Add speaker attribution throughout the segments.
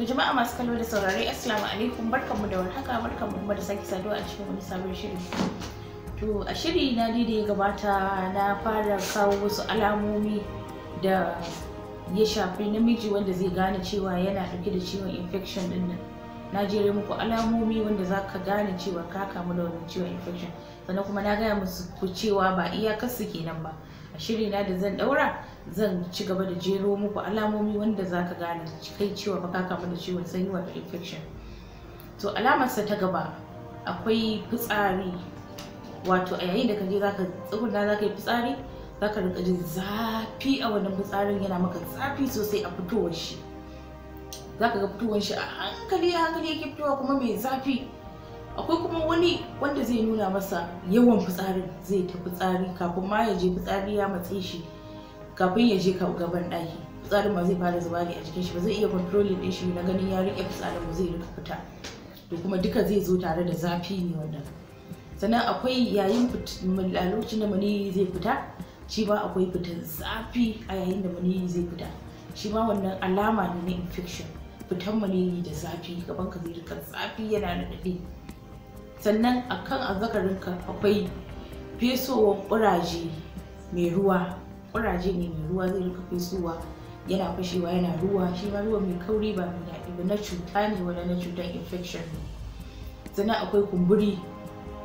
Speaker 1: To jama'a masu kallo da saurare assalamu alaikum barkanmu da warhaka barkanmu kuma da sake saduwa a cikin wani sabon shiri. To a shiri na da ya gabata na fara kawo wasu alamomi da ya shafi namiji wanda zai gane cewa yana ɗauke da ciwon infection ɗin nan. Na jere muku alamomi wanda za ka gane cewa ka kamu da wannan ciwon infection sannan kuma na gaya musu ku cewa ba iyakarsu kenan ba. shiri na da zan daura zan ci gaba da jero muku alamomi wanda za ka gane kai cewa baka kamu da ciwon sanyi wato infection to alamarsa ta gaba akwai fitsari wato a yayin da ka je za ka tsuguna za ka yi fitsari za ka rika jin zafi a wannan fitsarin yana maka zafi sosai a fitowar shi za ka ga fitowar shi a hankali a hankali yake fitowa kuma mai zafi akwai kuma wani wanda zai nuna masa yawan fitsarin zai ta fitsari kafin ma ya je fitsari ya matse shi kafin ya je gaban ɗaki fitsarin ma zai fara zuba ne a jikin shi ba zai iya kontrolin din shi na ganin ya rike fitsarin ba zai rika fita to kuma duka zai zo tare da zafi ne wannan sannan akwai yayin a lokacin da maniyi zai fita shi ba akwai fitan zafi a yayin da maniyi zai fita shi ma wannan alama ne na infection fitan maniyi da zafi gaban ka zai rika zafi yana da daɗe sannan a kan azzakarinka akwai fesowar kuraje mai ruwa kuraje ne mai ruwa zai rika fesowa yana fashewa yana ruwa shi ma ruwa mai kauri ba mai daɗi ba na cuta ne wani na cutar infection ne sannan akwai kumburi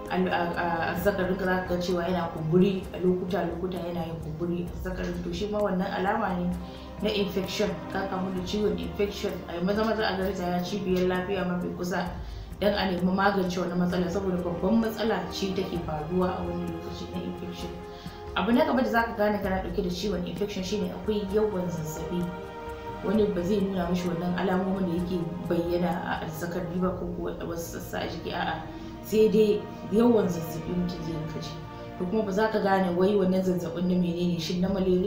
Speaker 1: a zakarin ka ka cewa yana kumburi a lokuta lokuta yana yin kumburi a zakarin to shi ma wannan alama ne na infection ka kamu da ciwon infection a maza maza a garza ya cibiyar lafiya mafi kusa don a nemi magance wani matsala saboda babban matsala ce take faruwa a wani lokaci na infection abu na gaba da zaka gane kana dauke da ciwon infection shine akwai yawan zazzabi wani ba zai nuna mishi wannan alamomin da yake bayyana a azzakar ba ko kuwa wasu sassa a jiki a'a sai dai yawan zazzabi mutum zai kaji to kuma ba za ka gane wai wannan zazzabin na menene shin na malaria